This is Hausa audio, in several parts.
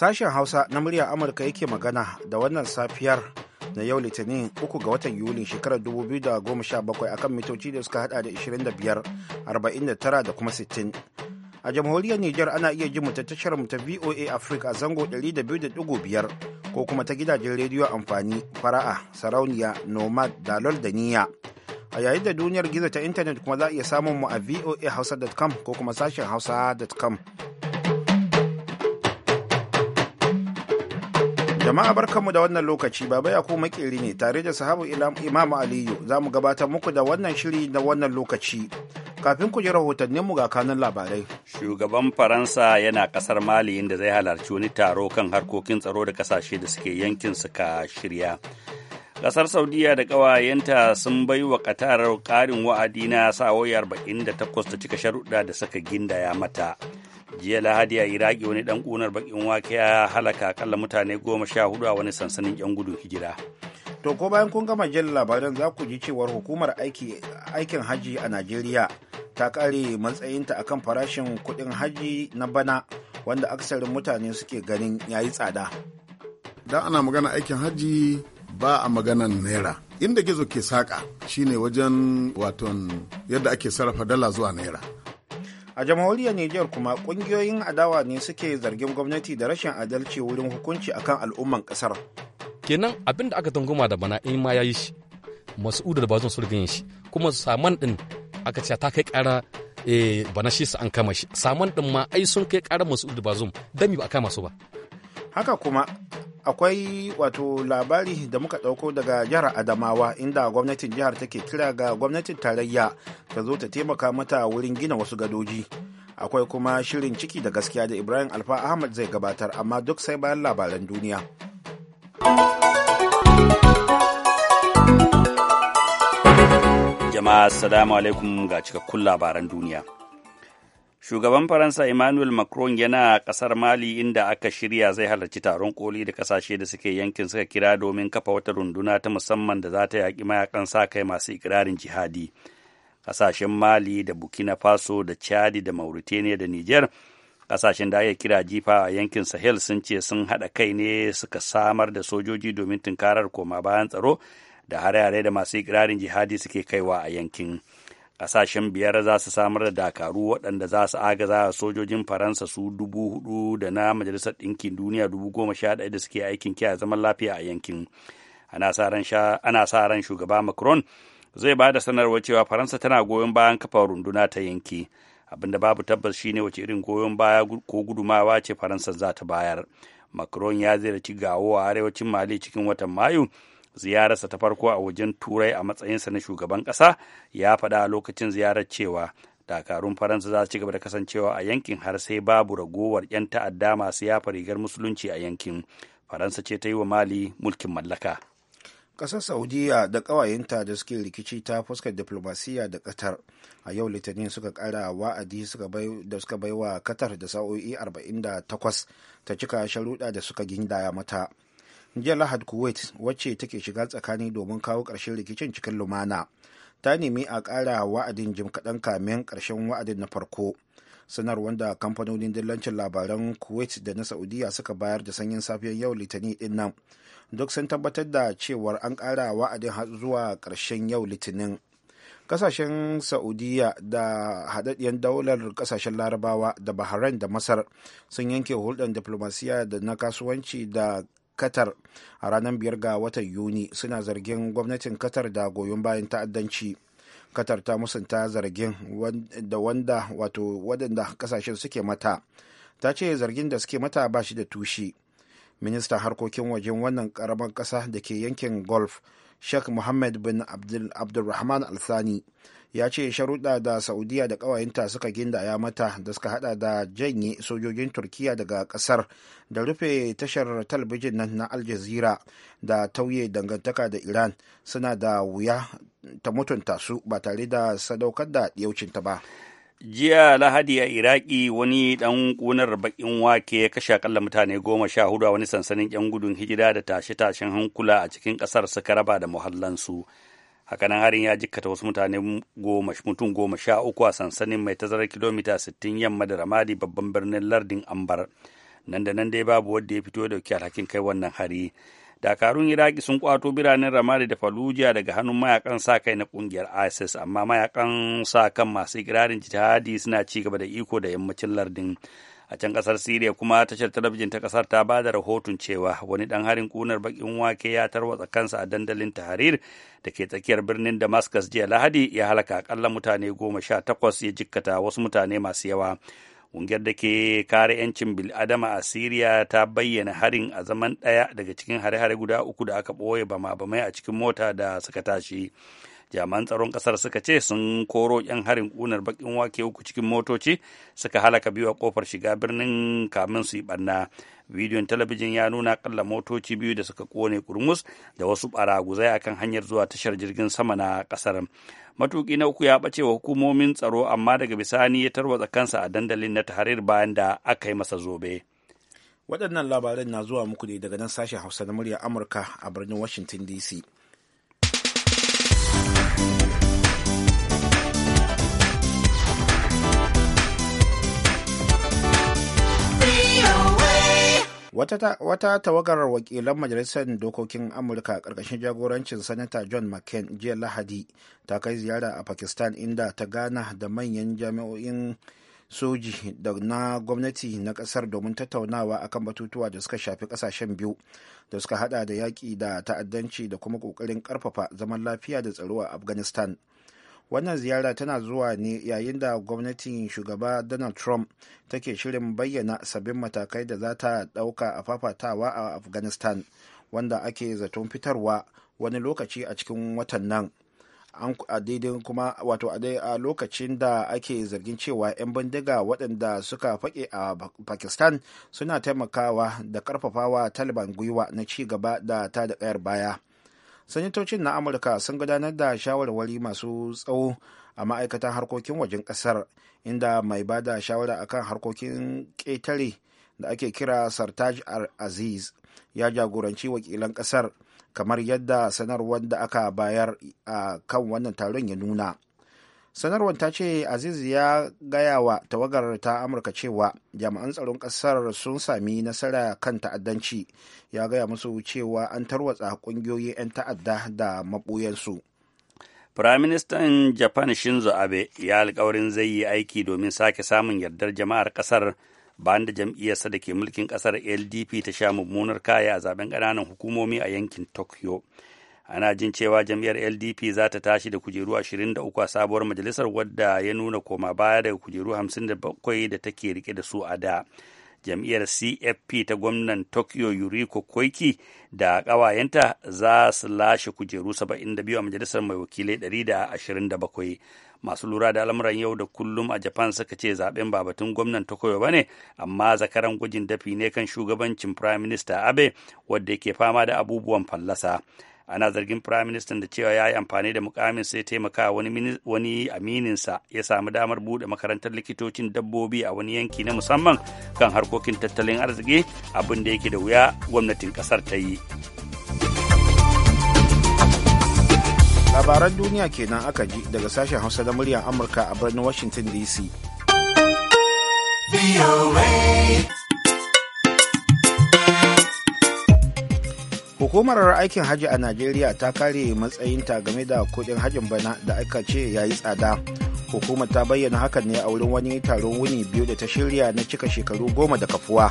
Sashen Hausa na muryar Amurka yake magana da wannan safiyar na yau Litinin 3 ga watan Yuli shekarar 2017 akan mitoci da suka hada da 25, 49 da kuma 60. A jamhuriyar Nijar ana iya ji mu ta tashar mu ta VOA Africa a zango 200.5 ko kuma ta gidajen rediyo amfani fara'a, sarauniya, nomad, dalol da niyya. A yayin da duniyar gizo ta intanet kuma za a iya samun mu a voahausa.com ko kuma sashen hausa.com. Jama'a barkanmu da wannan lokaci baba ya makeri ne tare da sahabu Imam Aliyu za mu gabatar muku da wannan shiri na wannan lokaci. Kafin ku ji mu ga kanun labarai. Shugaban Faransa yana kasar Mali inda zai halarci wani taro kan harkokin tsaro da kasashe da suke yankin suka shirya. Kasar Saudiya da ƙawayenta sun bai wa Qatar karin wa'adi na sa'o'i 48 da cika sharuɗa da suka gindaya mata. jiya lahadi a iraki wani dan kunar bakin wake ya halaka akalla mutane goma sha hudu a wani sansanin yan gudun hijira to ko bayan kun gama jin labaran za ku ji cewar hukumar aikin haji a najeriya ta kare matsayinta akan farashin kudin haji na bana wanda aksarin mutane suke ganin ya yi tsada dan ana magana aikin haji ba a maganan naira inda gizo ke saka shine wajen waton yadda ake sarrafa dala zuwa naira a jamhuriyar nijar kuma kungiyoyin adawa ne suke zargin gwamnati da rashin adalci wurin hukunci akan al'umman kasar kenan abin da aka tunguma da bana in ma yayi shi mas'udu da zan sun yin shi kuma saman din aka ce ta kai kara eh, bana shi an kama shi saman din ma ai sun kai kara mas'udu da ba zan dami ba a kama su ba haka kuma akwai wato labari da muka ɗauko daga jihar adamawa inda gwamnatin jihar take kira ga gwamnatin tarayya ta zo ta taimaka mata wurin gina wasu gadoji akwai kuma shirin ciki da gaskiya da ibrahim alfa ahmad zai gabatar amma duk sai bayan labaran duniya jama'a assalamu alaikum ga cikakkun labaran duniya Shugaban Faransa Emmanuel Macron yana ƙasar Mali inda aka shirya zai halarci taron koli da ƙasashe da suke yankin suka kira domin kafa wata runduna ta musamman da za ta yaƙi mayakan sa kai masu ikirarin jihadi. Ƙasashen Mali da Burkina Faso da Chadi da Mauritania da Niger ƙasashen da aka kira jifa a yankin Sahel sun ce sun haɗa kai ne suka samar da sojoji domin tunkarar koma bayan tsaro da hare-hare da masu ikirarin jihadi suke kaiwa a yankin. kasashen biyar za su samar da dakaru waɗanda za su agaza sojojin faransa su dubu hudu da na majalisar ɗinkin duniya dubu goma sha ɗaya da suke aikin kiyaye zaman lafiya a yankin ana sa ran shugaba macron zai ba da sanarwar cewa faransa tana goyon bayan kafa runduna ta yanki abinda babu tabbas shine wace irin goyon baya ko gudumawa ce faransa za ta bayar macron ya ziyarci gawo a arewacin mali cikin watan mayu ziyararsa ta farko a wajen turai a matsayinsa na shugaban ƙasa ya faɗa a lokacin ziyarar cewa dakarun faransa za su ci gaba da kasancewa a yankin har sai babu ragowar 'yan ta'adda masu yafa rigar musulunci a yankin faransa ce ta yi wa mali mulkin mallaka ƙasar saudiya da ƙawayenta da suke rikici ta fuskar diplomasiya da qatar a yau litinin suka kara wa'adi da suka bai wa qatar da sa'o'i 48 ta cika sharuɗa da suka gindaya mata jiya lahad kuwait wacce take shiga tsakani domin kawo ƙarshen rikicin cikin lumana ta nemi a ƙara wa'adin jim kaɗan kamin ƙarshen wa'adin na farko sanarwar wanda kamfanonin dillancin labaran kuwait da na saudiya suka bayar da sanyin safiyar yau litinin din nan duk sun tabbatar da cewar an ƙara wa'adin zuwa ƙarshen yau litinin kasashen saudiya da haɗaɗɗiyar daular kasashen larabawa da bahrain da masar sun yanke hulɗar diplomasiya da na kasuwanci da qatar a ranar biyar ga watan yuni suna zargin gwamnatin qatar da goyon bayan ta'addanci qatar ta musanta zargin da wanda wato waɗanda kasashen suke mata ta ce zargin da suke mata ba shi da tushe ministan harkokin wajen wannan karamar ƙasa da ke yankin golf sheikh mohammed bin abdul rahman al ya ce sharuɗa da saudiya da ƙawayenta suka gindaya mata da suka hada da janye sojojin turkiya daga ƙasar da rufe tashar talabijin nan na al da tauye dangantaka da iran suna da wuya ta mutunta su ba tare da sadaukar da yaucinta ba jiya lahadi a iraki wani dan kunar bakin wake ya kashe akalla mutane goma sha hudu a wani sansanin yan gudun hijira da tashe-tashen hankula a cikin kasar suka raba da muhallansu. hakanan harin ya jikkata wasu mutane mutum goma sha uku a sansanin mai tazarar kilomita 60 yamma da ramadi babban birnin lardin ambar nan da nan dai babu wadda ya fito dauki alhakin kai wannan hari dakarun iraki sun kwato biranen ramadi da faluja daga hannun mayakan sa kai na kungiyar isis amma mayakan sa kan masu ikirarin jihadi suna ci gaba da iko da yammacin lardin a can kasar siriya kuma tashar talabijin ta kasar ta ba da rahoton cewa wani dan harin kunar bakin wake ya tarwatsa kansa a dandalin tahrir da ke tsakiyar birnin damascus jiya lahadi ya halaka akalla mutane goma sha takwas ya jikkata wasu mutane masu yawa ƙungiyar da ke kare 'yancin bil'adama a siriya ta bayyana harin a zaman ɗaya daga cikin hare-hare guda uku da aka ɓoye bama-bamai a cikin mota da suka tashi. jami'an tsaron kasar suka ce sun koro 'yan harin kunar bakin wake uku cikin motoci suka halaka biyu a kofar shiga birnin kamin su yi barna bidiyon talabijin ya nuna kalla motoci biyu da suka kone kurmus da wasu baraguzai akan hanyar zuwa tashar jirgin sama na kasar matuki na uku ya bace wa hukumomin tsaro amma daga bisani ya tarwatsa kansa a dandalin na tahrir bayan da aka yi masa zobe waɗannan labaran na zuwa muku ne daga nan sashen hausa na murya amurka a birnin washington dc Wata tawagar wakilan Majalisar Dokokin Amurka ƙarƙashin jagorancin Sanata John McCain jiya Lahadi ta kai ziyara a Pakistan inda ta gana da manyan jami'o'in soji da na gwamnati na kasar domin tattaunawa a kan batutuwa da suka shafi ƙasashen biyu da suka hada da yaƙi da ta'addanci da kuma ƙoƙarin ƙarfafa zaman lafiya da tsaro a Afghanistan. wannan ziyara tana zuwa ne yayin da gwamnatin shugaba donald trump take shirin bayyana sabbin matakai da za ta ɗauka a fafatawa a afghanistan wanda ake zaton fitarwa wani lokaci a cikin watan nan a daidai kuma wato a lokacin da ake zargin cewa 'yan bindiga waɗanda suka faƙe a pakistan suna taimakawa da ƙarfafawa taliban gwiwa na ci gaba da ta da ƙayar baya sanatocin na amurka sun gudanar da shawarwari masu tsawo a ma'aikatan harkokin wajen kasar inda mai ba da shawara akan harkokin ƙetare da ake kira sartaj aziz ya jagoranci wakilan kasar kamar yadda sanarwar da aka bayar a kan wannan taron ya nuna sanarwar ta ce aziz ya gaya wa tawagar ta amurka cewa jami'an tsaron kasar sun sami nasara kan ta'addanci ya gaya musu cewa an tarwatsa ƙungiyoyin 'yan ta'adda da mabuyansu. firaministan japan shinzo abe ya alkawarin zai yi aiki domin sake samun yardar jama'ar kasar bayan da jam'iyyarsa da ke mulkin kasar ldp ta sha mummunar kaya a zaben ƙananan hukumomi a yankin tokyo ana jin cewa jam'iyyar ldp za ta tashi da kujeru 23 a sabuwar majalisar wadda ya nuna koma baya daga kujeru 57 da take rike da su a da jam'iyyar cfp ta gwamnan tokyo yuriko koiki da ƙawayenta za su lashe kujeru 72 a majalisar mai wakilai 127 masu lura da al'amuran yau da kullum a japan suka ce zaben babatun gwamnan tokyo ba ne amma zakaran gwajin dafi ne kan shugabancin prime minister abe wadda ke fama da abubuwan fallasa ana zargin firayim ministan da cewa ya yi amfani da mukamin sai taimaka wani, amininsa ya samu damar bude makarantar likitocin dabbobi a wani yanki na musamman kan harkokin tattalin arziki abin da yake da wuya gwamnatin kasar ta yi labaran duniya kenan aka ji daga sashen hausa da muryar amurka a birnin washington dc hukumar aikin hajji a najeriya ta kare matsayinta game da kudin hajjin bana da aka ce ya yi tsada hukumar ta bayyana hakan ne a wurin wani taron wuni biyu da ta shirya na cika shekaru goma da kafuwa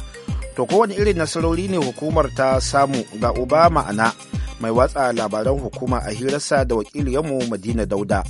to kowane irin nasarori ne hukumar ta samu ga uba ma'ana mai watsa labaran hukuma a hirarsa da wakiliyanmu madina dauda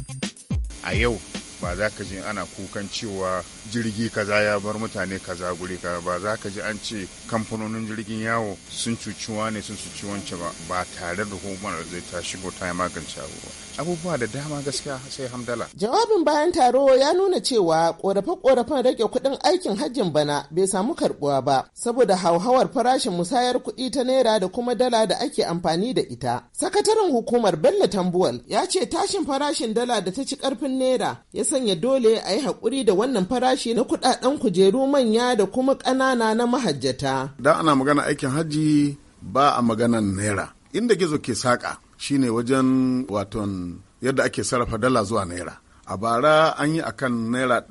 a yau ba za ka ji ana kukan cewa jirgi kaza ya bar mutane kaza guri kaza ba za ka ji an ce kamfanonin jirgin yawo sun cuci ne sun cuci wance ba ba tare da hukumar zai ta shigo ta magance abubuwa abubuwa da dama gaskiya sai hamdala jawabin bayan taro ya nuna cewa korafe-korafen rage kuɗin aikin hajjin bana bai samu karbuwa ba saboda hauhawar farashin musayar kuɗi ta naira da kuma dala da ake amfani da ita sakataren hukumar bello tambuwal ya ce tashin farashin dala da ta ci karfin naira ya sanya dole a yi haƙuri da wannan farashi na kuɗaɗen kujeru manya da kuma ƙanana na mahajjata. Da ana magana aikin hajji ba a maganan naira. Inda gizo ke saƙa shine wajen waton yadda ake sarrafa dala zuwa naira. A bara an yi akan naira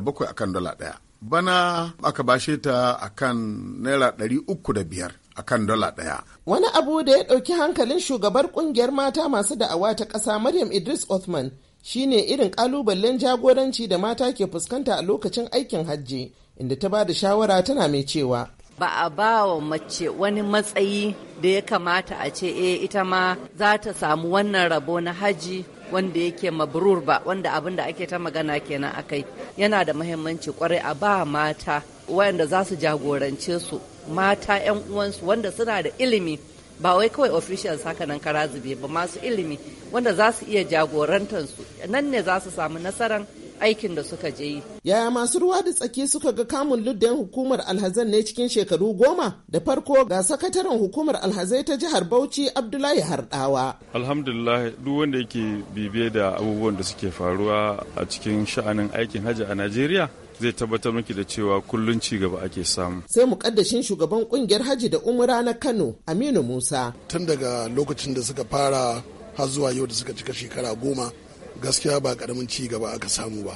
bakwai akan dala ɗaya. Bana aka bashe ta akan naira ɗari uku da biyar. akan kan dala ɗaya. Wani abu da ya ɗauki hankalin shugabar ƙungiyar mata masu da'awa ta ƙasa Maryam Idris Othman shine irin kalubalen jagoranci da mata ke fuskanta a lokacin aikin hajji inda ta ba da shawara tana mai cewa ba a ba wa mace wani matsayi da ya kamata a ce e ita ma za ta samu wannan rabo na haji wanda yake mabrur ba wanda abin da ake ta magana kenan akai yana da mahimmanci kwarai a ba mata wayanda za su jagorance su mata 'yan uwansu wanda suna da ilimi ba wai kawai officials haka nan kara zube ba masu ilimi wanda za su iya jagorantar su nan ne za su samu nasarar aikin da suka je yi. Yaya masu ruwa da tsaki suka ga kamun ludden hukumar alhazan ne cikin shekaru goma da farko ga sakataren hukumar alhazai ta jihar Bauchi Abdullahi Hardawa. Alhamdulillah duk wanda yake bibiye da abubuwan da suke faruwa a cikin sha'anin aikin hajji a Najeriya zai tabbatar miki da cewa kullum ci gaba ake samu. Sai mukaddashin shugaban kungiyar Haji da Umra na Kano Aminu Musa. Tun daga lokacin da suka fara har zuwa yau da suka cika shekara goma gaskiya ba karamin ci gaba aka samu ba.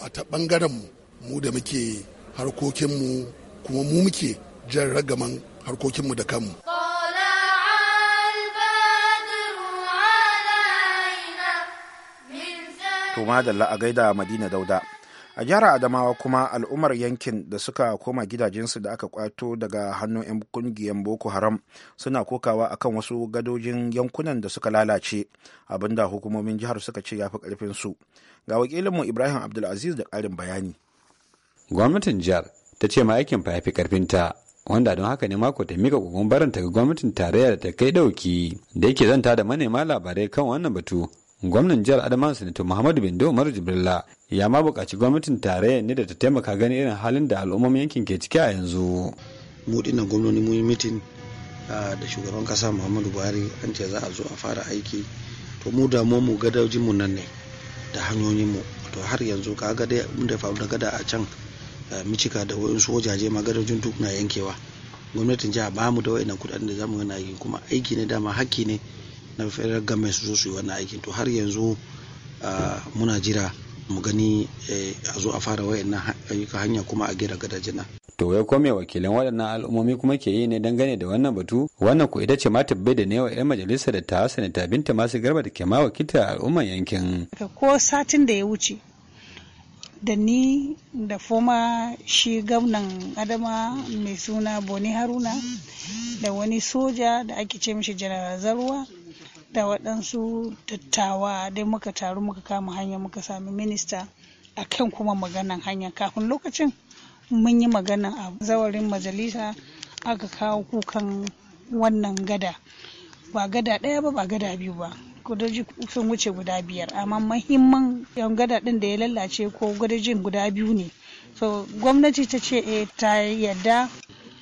A ta bangaren mu mu da muke harkokinmu kuma mu muke jan ragaman mu da kanmu. To da a gaida Madina Dauda. a jihar adamawa kuma al'ummar yankin da suka koma gidajensu da aka kwato daga hannun 'yan kungiyar boko haram suna kokawa akan wasu gadojin yankunan da suka lalace abinda hukumomin jihar suka ce ya fi su ga wakilinmu ibrahim abdulaziz da karin bayani gwamnatin jihar ta ce aikin fa ya fi karfinta wanda don haka ne mako ta mika barin ta ga gwamnatin tarayya da ta kai dauki da yake zanta da manema labarai kan wannan batu gwamnan jihar adamawa sanato muhammadu bindo umaru jibrila ya ma buƙaci gwamnatin tarayya ne da ta taimaka gani irin halin da al'ummar yankin ke ciki a yanzu mu gwamnoni mun yi mitin ah, da shugaban kasa muhammadu buhari an ce za a zo a fara aiki to mu damu mu gadajin mu nan ne da hanyoyin mu to har yanzu ka ga dai mun da faru gada a can ah, micika da wayansu wajaje ma gadajin duk na yankewa gwamnatin jiha ba mu da wayannan kudaden da zamu yana yi kuma aiki ne dama hakki ne na federal government su su yi wannan aikin to har yanzu muna jira mu gani eh, a zo a fara wayannan ayyuka hanya kuma a gera gadajina to wai ko wakilan waɗannan al'ummomi kuma ke yi ne dangane da wannan batu wannan ku ita ce ma tabbe da ne wa 'yan majalisa da ta ta binta masu garba da ke ma wakilta al'umman yankin ko satin da ya wuce da ni da foma shi gwamnan adama mai suna boni haruna da wani soja da ake ce mishi janar zarwa da waɗansu dattawa dai muka taru muka kama hanya muka sami minista a kan kuma maganan hanya kafin lokacin mun yi magana a zawarin majalisa aka kawo kukan wannan gada ba gada ɗaya ba ba gada biyu ba gudaji sun wuce guda biyar amma mahimman yan gada ɗin da ya lallace ko gudajin guda biyu ne so gwamnati ta ce e ta yadda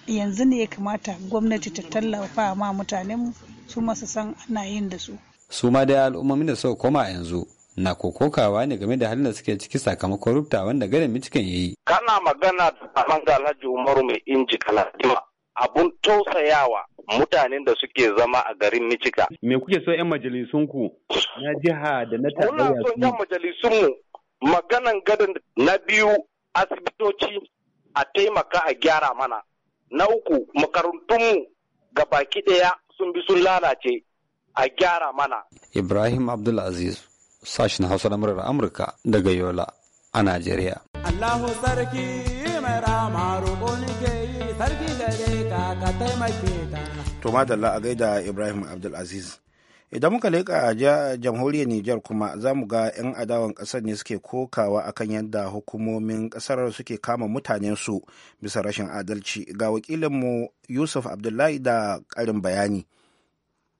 yanzu ne ya kamata gwamnati ta tallafa ma mutanenmu su masu san ana yin da su su ma dai al'ummomin da suka koma yanzu na kokokawa ne game da halin da suke ciki sakamakon rubuta wanda garin michigan ya yi kana magana da banga alhaji umaru mai inji kalatima abun tausayawa mutanen da suke zama a garin michigan me kuke so yan majalisun ku? na jiha da na tarayya muna so yan majalisunmu maganan gadon na biyu asibitoci a taimaka a gyara mana na uku makarantunmu ga baki ɗaya sun bi sun lalace a gyara mana. Ibrahim Abdulaziz, sashen Hausa na murar Amurka daga Yola a Najeriya. Allahu sarki mai rama roƙo ke yi sarki da ka ka taimake ta. To a gaida Ibrahim Abdulaziz. idan muka leƙa a jamhuriyar niger kuma za mu ga 'yan adawan ƙasar ne suke kokawa akan yadda hukumomin ƙasar suke kama mutanensu bisa rashin adalci ga wakilinmu yusuf abdullahi da ƙarin bayani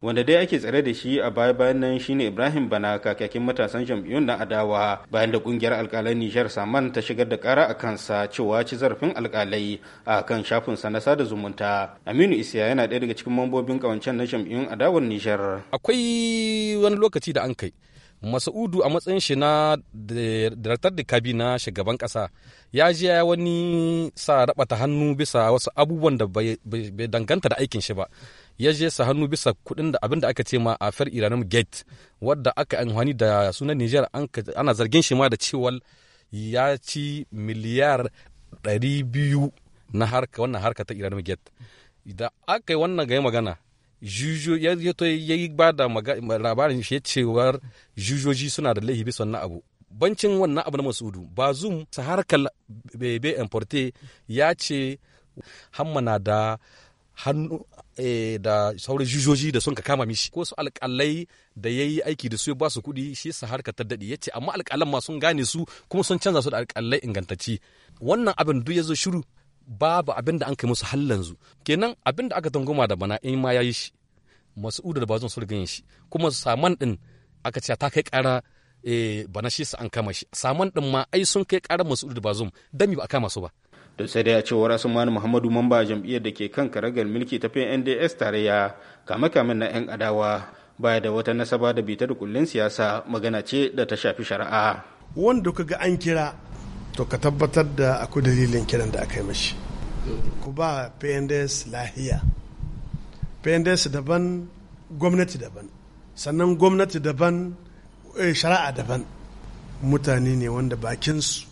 wanda dai ake tsare da shi a baya bayan nan shine ibrahim bana kakakin matasan jam'iyyun na adawa bayan da kungiyar alkalai nijar saman ta shigar da kara a kansa cewa ci zarafin alkalai a kan shafin sa na sada zumunta aminu isiya yana ɗaya daga cikin mambobin kawancen na jam'iyyun adawar nijar akwai wani lokaci da an kai masaudu a matsayin shi na daraktar da kabi na shugaban kasa ya ji ya wani sa rabata hannu bisa wasu abubuwan da bai danganta da aikin shi ba ya je sa hannu bisa kuɗin da abin da aka ce ma a fer iranium gate wadda aka amfani da sunan niger ana zargin shi ma da cewa ya ci miliyar 200 na harka wannan harka ta iranium gate da aka yi wannan ga magana jujo ya yi ba da labarin shi cewar jujoji suna da laifi bisa wannan abu bancin wannan abu na masudu ba zoom sa harkar bebe importe ya ce hamma na da hannu eh, da sauran jujoji da sun ka kama mishi ko su alƙalai da ya yi aiki da su ya ba su kuɗi shi sa harka ta daɗi ya ce amma alƙalan ma sun gane su kuma sun canza su da alƙalai ingantacci wannan abin duk ya zo shiru babu abin da an kai musu hallanzu kenan abin da aka tangoma da bana in ma ya yi shi masu masu'udu da bazon sun yin shi kuma saman ɗin aka ce ta kai ƙara eh, bana shi sa an kama shi saman ɗin ma ai sun kai ƙara masu'udu da bazon dami ba a kama su ba da sai dai a cewar muhammadu mamba jam'iyyar da ke kan karagar mulki ta pnds tarayya kame-kamen na 'yan adawa baya da wata nasaba da bitar kullun siyasa magana ce da ta shafi shari'a wanda ka ga an kira to ka tabbatar da akwai dalilin kiran da aka yi mashi ku ba pnds lahiya pnds daban gwamnati daban sannan gwamnati daban eh, shari'a daban mutane ne wanda bakinsu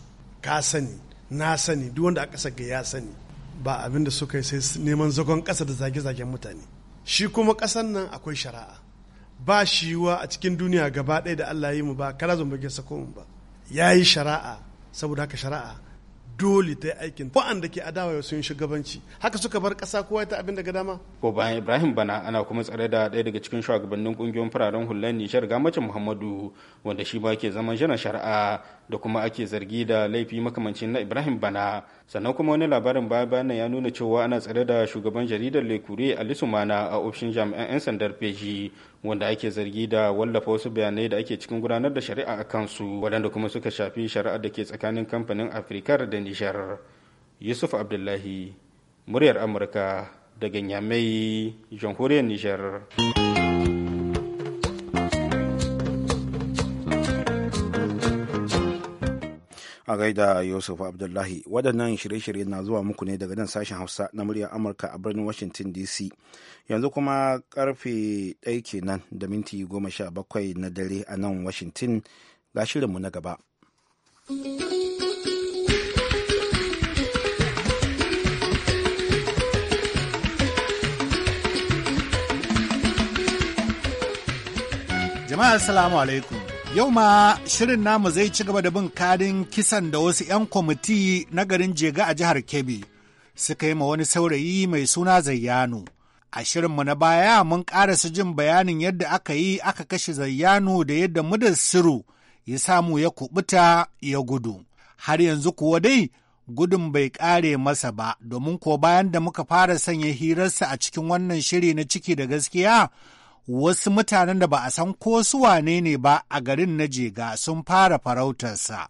ka sani na sani duk wanda aka saka ya sani ba abin da suka yi sai neman zagon kasa da zage-zagen mutane shi kuma ƙasan nan akwai shari'a ba shi wa a cikin duniya gaba ɗaya da Allah yi mu ba kara zan bage mu ba yi shari'a saboda haka shari'a dole ta yi aikin da ke adawa ya sun shugabanci haka suka bar kasa kowa ta abin daga dama ko bayan ibrahim bana ana kuma tsare da ɗaya daga cikin shugabannin ƙungiyoyin fararen hular nishar gamacin muhammadu wanda shi ba ke zaman jiran shari'a da kuma ake zargi da laifi makamancin na ibrahim bana sannan kuma wani labarin baya bayan ya nuna cewa ana tsare da shugaban jaridar lekure a lissumana a ofishin jami'an 'yan sandar feji wanda ake zargi da wallafa wasu bayanai da ake cikin gudanar da shari'a a kansu waɗanda kuma suka shafi shari'ar da ke tsakanin kamfanin afirkar da nishar yusuf abdullahi muryar amurka daga nyamai jamhuriyar nijar. a gaida yusuf abdullahi waɗannan shirye-shirye na zuwa muku ne daga nan sashen hausa na muryar amurka a birnin washington dc yanzu kuma karfe ɗaya kenan da minti goma sha bakwai na dare a nan washington ga shirinmu na gaba jama'a assalamu alaikum Yau ma shirin namu zai ci gaba da bin kadin kisan da wasu 'yan kwamiti na garin Jega a jihar Kebbi suka yi ma wani saurayi mai suna Zayyanu. A shirin mu na baya mun su jin bayanin yadda aka yi aka kashe Zayyanu da yadda siru ya samu ya kubuta ya gudu. Har yanzu kuwa dai gudun bai ƙare masa ba domin ko bayan da muka fara sanya hirarsa a cikin wannan shiri na ciki da gaskiya wasu mutanen da ba a san ko su wane ne ba a garin na jega sun fara farautarsa.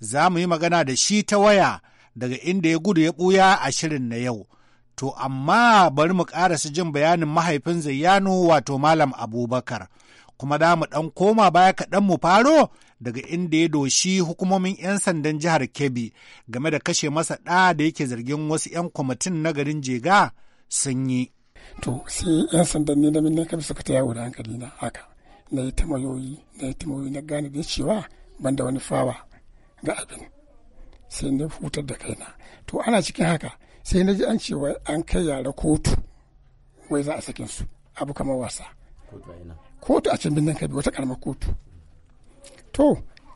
Za mu yi magana da shi ta waya daga inda ya gudu ya ɓuya a shirin na yau. To amma bari mu ƙarasa jin bayanin mahaifin Zayyano wato Malam Abubakar. Kuma da mu ɗan koma baya kaɗan mu faro daga inda ya doshi hukumomin 'yan sandan jihar Kebbi game da kashe masa ɗa da yake zargin wasu 'yan kwamitin na garin Jega sun yi. to sai yan sandan ne da minne kabi suka ta yawo da hankali na haka na yi tamayoyi na yi tamayoyi na gane da cewa ban da wani fawa ga abin sai na hutar da kaina to ana cikin haka sai na ji an cewa an kai yara kotu wai za a sakin su abu kamar wasa kotu a can binnan kabi wata karamar kotu to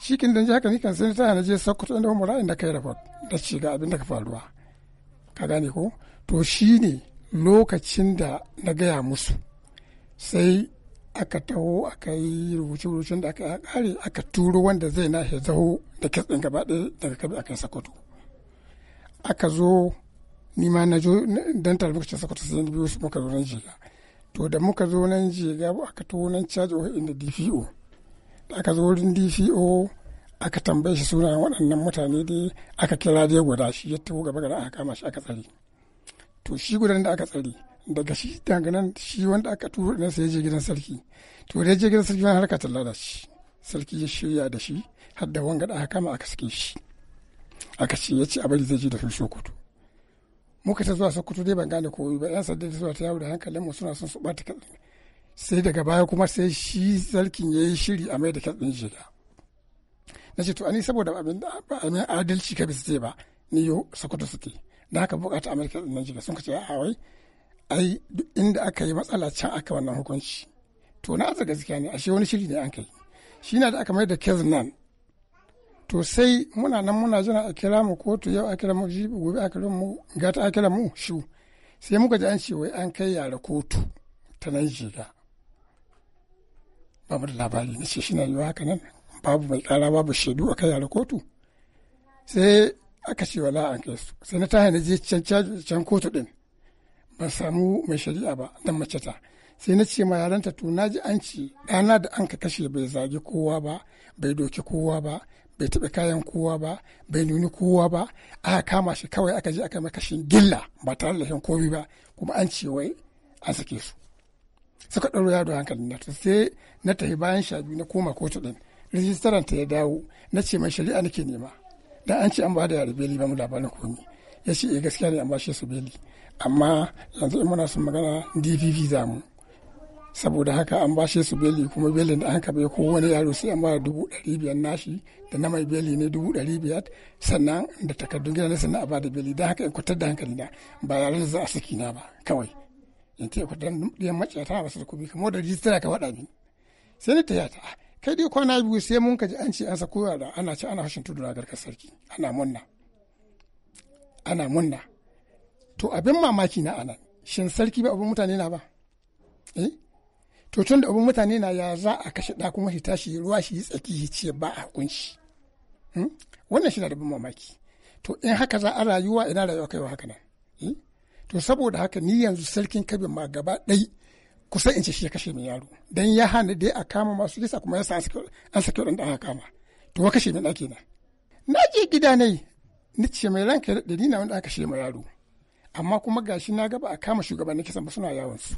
shi kin dan jaka ni kan sai ta na je sokoto inda umara inda kai report da ci ga abin da ka faruwa ka gane ko to shi ne lokacin da na gaya musu sai aka taho aka yi rubuce-rubucen da aka yi kare aka turo wanda zai na ya zaho da kitsin gaba ɗaya daga kabi akan sakwato aka zo ni ma na jo dan lokacin sakwato sai biyu su muka zo nan jiga to da muka zo nan jiga aka taho nan caji wa inda dpo da aka zo wurin dpo aka tambaye shi suna waɗannan mutane dai aka kira dai guda shi ya taho gaba gaba aka kama shi aka tsare to shi gudan da aka tsari, daga shi danganan shi wanda aka turo na sai je gidan sarki to da je gidan sarki wani harka tallada shi sarki ya shirya da shi har da wanga da aka kama aka sake shi aka ce ya ce a bari zai je da su sokoto muka ta zuwa sokoto dai ban gane koyi ba yan sanda da zuwa ta yawo da hankalin mu suna son su bata kaɗan sai daga baya kuma sai shi sarkin ya yi shiri a mai da kaɗin shiga na ce to ani saboda abin da ba a adalci ka bisa ce ba ni yo sokoto suke da haka bukata amurka nan shiga sun kace a wai ai duk inda aka yi matsala can aka wannan hukunci to na azar gaskiya ne ashe wani shiri ne an kai shi na da aka mai da kes nan to sai muna nan muna jira a kira mu kotu yau a kira mu gobe a kira mu gata a kira mu shu sai muka ji an ce wai an kai yara kotu ta nan shiga babu da labari na ce shi na wa haka nan babu mai kara babu shaidu a kai yara kotu sai aka ce wala an kai su sai na tahi na je can kotu din ban samu mai shari'a ba dan mace ta sai na ce ma yaran ta to na ji an ci ɗana da an ka kashe bai zagi kowa ba bai doki kowa ba bai taɓa kayan kowa ba bai nuni kowa ba aka kama shi kawai aka je aka ma kashin gilla ba tare da komi ba kuma an ce wai an sake su suka ɗaro yaro hankalin na sai na tafi bayan sha na koma kotu ɗin rijistaran ta ya dawo na ce mai shari'a nake nema da an ce an ba da yare beli ba mu labarin komi ya ce eh, gaskiya ne an ba shi su beli amma yanzu in muna son magana dpp za mu saboda haka an bashe su beli kuma belin da an kabe ko wani yaro sai an ba dubu ɗari biyar nashi da na mai beli ne dubu ɗari biyar sannan da takardun gida na sannan a ba da beli don haka in kwatar da hankali na ba yare da za a saki na ba kawai in ce kwatar da yan maciyata ba su da kuɗi kamar da rijistara ka faɗa min sai ni ta yata kai dai kwana biyu sai mun ka ji an ce an sako da ana ci ana hashin tudu a sarki ana munna ana munna to abin mamaki na anan shin sarki ba abin mutane na ba eh? to tun da abin mutane na ya za a kashe da kuma hita shi ruwa shi tsaki shi ce ba a kunshi hmm? wannan shi na da bin mamaki to in haka za a rayuwa ina rayuwa kaiwa haka nan eh? to saboda haka ni yanzu sarkin kabin ma gaba ɗai kusan in ce shi ya kashe min yaro dan ya hana dai a kama masu kisa kuma ya sa an saki wadanda aka kama to wa kashe min ɗaki na na je gida na ni ce mai ranka da na wanda aka kashe min yaro amma kuma gashi na gaba a kama shugaban kisan ba suna yawon su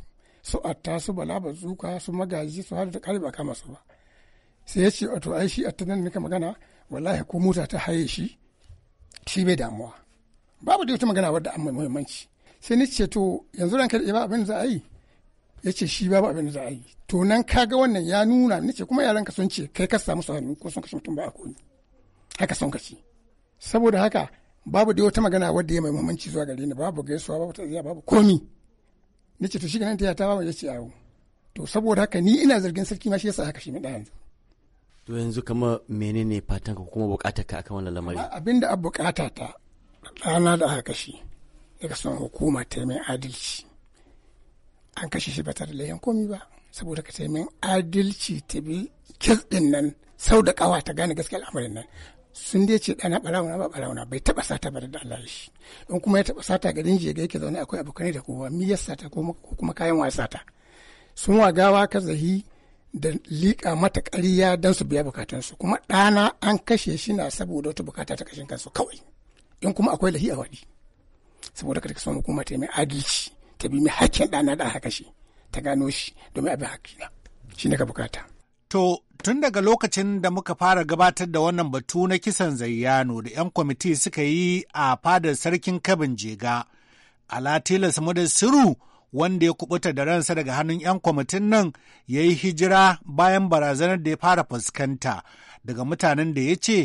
su atta su bala bazuka su magaji su har da kare ba kama su ba sai ya ce wato ai shi atta nan nika magana wallahi ko mota ta haye shi shi bai damuwa babu da wata magana wadda an mai muhimmanci sai ni ce to yanzu ranka da ba abin za a yi ya ce shi babu abin da za a yi to nan kaga wannan ya nuna nace kuma yaran ka sun ce kai ka samu su hannu ko sun kashe mutum ba a koyi haka sun kashe saboda haka babu da wata magana wadda ya mai mamanci zuwa gare ni babu gaisuwa babu taziya babu komi nace to shi ganin ta ta babu ya ce awo to saboda haka ni ina zargin sarki ma shi yasa haka shi mai yanzu to yanzu kama menene fatan ka kuma bukatar ka akan wannan lamari abinda a bukata ta rana da aka kashe daga son hukuma ta mai adalci an kashe shi ba tare da yan komi ba saboda ka taimin adalci ta bi kes din nan sau da kawa ta gane gaskiyar al'amarin nan sun dai ce ɗana ɓarauna ba ɓarauna bai taɓa sata ba da Allah ya shi in kuma ya taɓa sata garin jiya yake zaune akwai abokanai da kowa miyar sata ko kuma kayan wasa sata sun wagawa ka zahi da liƙa mata ƙarya don su biya su, kuma ɗana an kashe shi na saboda wata bukata ta kashin kansu kawai in kuma akwai lahi a waɗi saboda ka son hukuma ta mai adalci ta bi mi hakkin ɗana da aka kashe ta gano shi domin abin hakkina shi ne ka bukata. To tun daga lokacin da muka fara gabatar da wannan batu na kisan zayyano da 'yan kwamiti suka yi a fadar sarkin kabin jega ala tilas da siru wanda ya kubuta da ransa daga hannun 'yan kwamitin nan ya yi hijira bayan barazanar da ya fara fuskanta daga mutanen da ya ce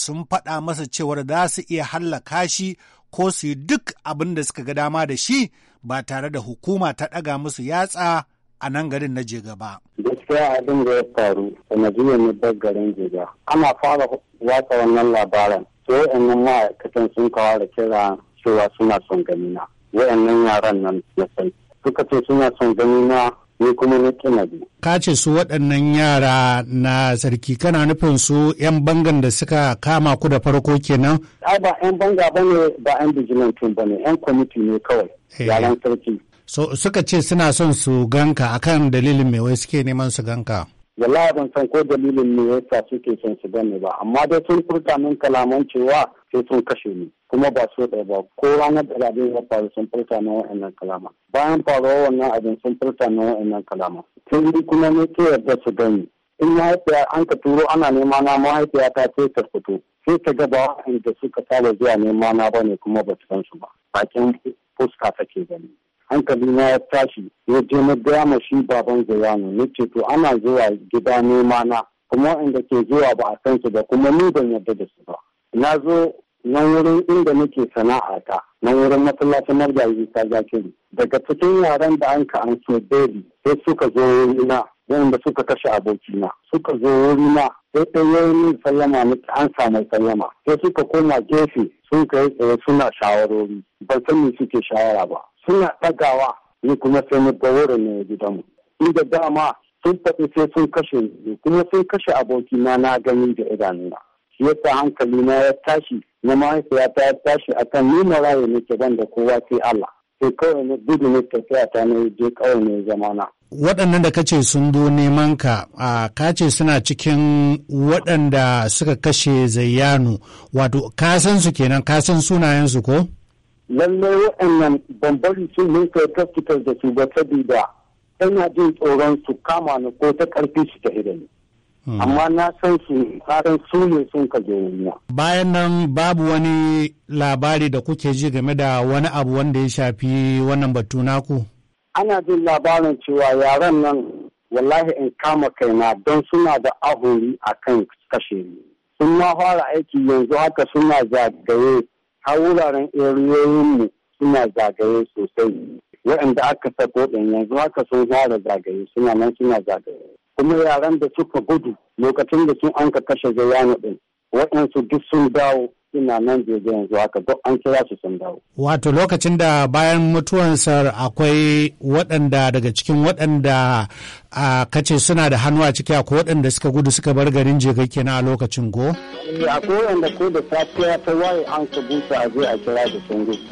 sun faɗa masa cewar za su iya hallaka shi ko su yi duk abin da suka ga dama da shi ba tare da hukuma ta ɗaga musu yatsa a nan garin na jega ba. Gaskiya abin da ya faru sanadiyar na garin jega. Ana fara watsa wannan labaran. To wa'annan ma'aikatan sun kawo da kira cewa suna son ganina. Wa'annan yaran nan na san. Suka ce suna son ganina ne kuma na kinabi. Ka ce su waɗannan yara na sarki kana nufin su 'yan bangan da suka kama ku da farko kenan? Ai ba 'yan banga ba ne ba 'yan vigilantun ba ne 'yan kwamiti ne kawai eh. yaran sarki. So suka ce suna son su ganka akan dalilin me wai suke neman su ganka? Wallahi ban san ko dalilin me yasa suke son su gane ba amma dai sun furta min kalaman cewa sai sun kashe ni kuma ba so ɗaya ba ko ranar da abin ya faru sun furta na wa'annan kalama bayan faruwar wannan abin sun furta na wa'annan kalama tun kuma ne ke yarda su gani in mahaifiya an ka turo ana nema na mahaifiya ta ce ta fito sai ta ga ba da suka saba zuwa nema na ba ne kuma ba su san su ba bakin fuska take gani hankali na ya tashi ya je na gaya ma shi baban zayano ne ce to ana zuwa gida nema na kuma inda ke zuwa ba a san su ba kuma ni ban yarda da su ba na zo nan wurin inda nake ta nan wurin masallacin marjayi ta jakiri daga cikin yaren da an ka an so sai suka zo wurina wanda suka kashe abokina suka zo wurina sai ɗaya yayin sallama na an samu sallama sai suka koma gefe sun kai tsaye suna shawarori ban san me suke shawara ba suna ɗagawa ni kuma sai mu ga wurin ne gidanmu inda dama sun faɗi sai sun kashe ni kuma sun kashe abokina na gani da idanuna shi yasa hankali na ya tashi na mahaifiyata ya tashi a akan ni maraye nake ban da kowa sai Allah sai kawai na gudu ne tafiya ta na je kawai zama na. Waɗannan da kace sun zo neman ka a kace suna cikin waɗanda suka kashe zayyanu wato ka san su kenan ka san sunayen su ko? Lalle waɗannan bambari sun ne kai ta fitar da su ba sabida ina jin tsoron su kama ni ko ta ƙarfi su ta hidani. amma na san shi kasan su ne sun ka duniya. Bayan nan babu wani labari da kuke ji game da wani abu wanda ya shafi wannan batu naku? Ana jin labarin cewa yaran nan wallahi in kama kaina don suna da ahuri a kan kashe ni. Sun ma fara aiki yanzu haka suna zagaye har wuraren eriyoyinmu suna zagaye sosai. Waɗanda aka sako ɗin yanzu haka sun fara zagaye suna nan suna zagaye. kuma yaran da suka gudu lokacin da sun an ka kashe zayana din waɗansu duk sun dawo ina nan da zai yanzu haka duk an kira su sun dawo. Wato lokacin da bayan mutuwansa akwai waɗanda daga cikin waɗanda a kace suna da hannu a ciki akwai waɗanda suka gudu suka bar garin jega kenan a lokacin ko? Eh, akwai waɗanda ko da safiya ta waye an ka busa a je a kira da sun gudu.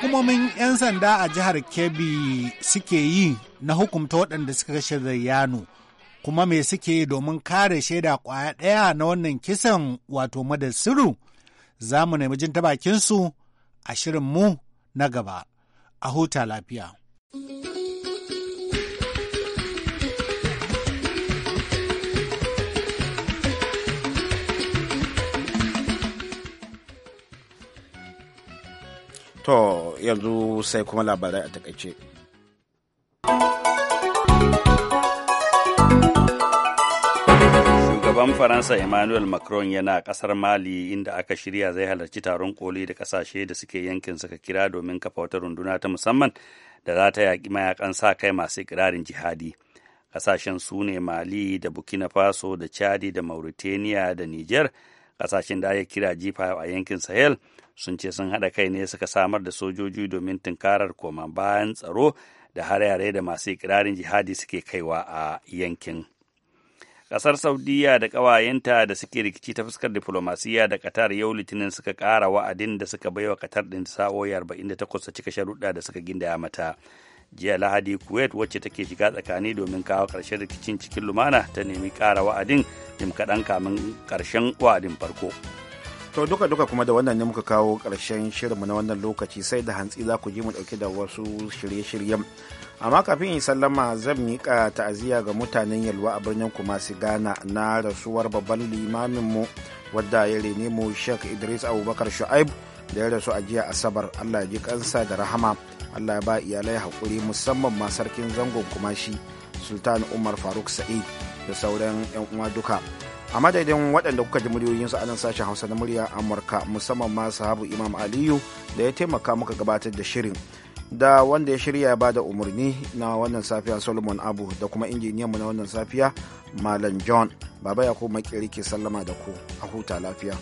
hukumomin 'yan sanda a jihar Kebbi suke yi na hukumta waɗanda suka kashe Zayyano, kuma me suke yi domin kare shaida kwaya ɗaya na wannan kisan wato madasiru za mu nemi jin ta bakinsu a shirinmu na gaba, a huta lafiya. To yanzu sai kuma labarai a takaice. Shugaban Faransa Emmanuel Macron yana ƙasar Mali inda aka shirya zai halarci taron koli da ƙasashe da suke yankin suka kira domin kafa wata runduna ta musamman da za ta yaƙi mayakan sa kai masu ikirarin jihadi. Ƙasashen su ne Mali da Burkina Faso da Chadi da mauritaniya da Niger. kasashen da ya kira G5 a yankin Sahel sun ce sun haɗa kai ne suka samar da sojoji domin tunkarar koma bayan tsaro da har hare da masu ikirarin jihadi suke kaiwa a yankin. Ƙasar Saudiya da ƙawayenta da suke rikici ta fuskar diflomasiyya da Qatar yau Litinin suka ƙara wa'adin da suka baiwa Qatar ɗin sa'o'i 48 da cika sharuɗa da suka gindaya mata. jiya lahadi kuwait wacce take shiga tsakani domin kawo karshen rikicin cikin lumana ta nemi kara wa'adin jim kaɗan kamin ƙarshen wa'adin farko to duka duka kuma da wannan ne muka kawo ƙarshen shirinmu na wannan lokaci sai da hantsi za ku ji mu ɗauki da wasu shirye-shiryen amma kafin in sallama zan miƙa ta'aziyya ga mutanen yalwa a birnin kumasi gana na rasuwar babban limaminmu wadda ya rene mu shek idris abubakar shu'aib da ya rasu a jiya asabar allah ji kansa da rahama allah ya ba iyalai haƙuri musamman ma sarkin zangon kumashi sultan umar faruk sa'id da sauran 'yan uwa duka a madadin waɗanda kuka ji muryoyinsu su sashe sashen hausa na murya amurka musamman ma sahabu imam aliyu da ya taimaka muka gabatar da shirin da wanda ya shirya ba da umarni na wannan safiya solomon abu da kuma injiniyanmu na wannan safiya malam john baba ya ko makeri ke sallama da ku a huta lafiya.